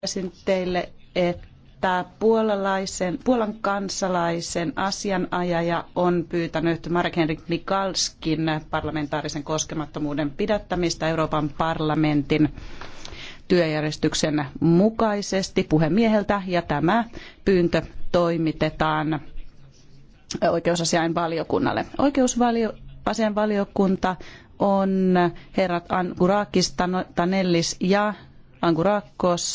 Totesin teille, että puolalaisen, Puolan kansalaisen asianajaja on pyytänyt Marek-Henrik Mikalskin parlamentaarisen koskemattomuuden pidättämistä Euroopan parlamentin työjärjestyksen mukaisesti puhemieheltä ja tämä pyyntö toimitetaan oikeusasiain valiokunnalle. valiokunta on herrat Angurakis, Tanellis ja Angurakos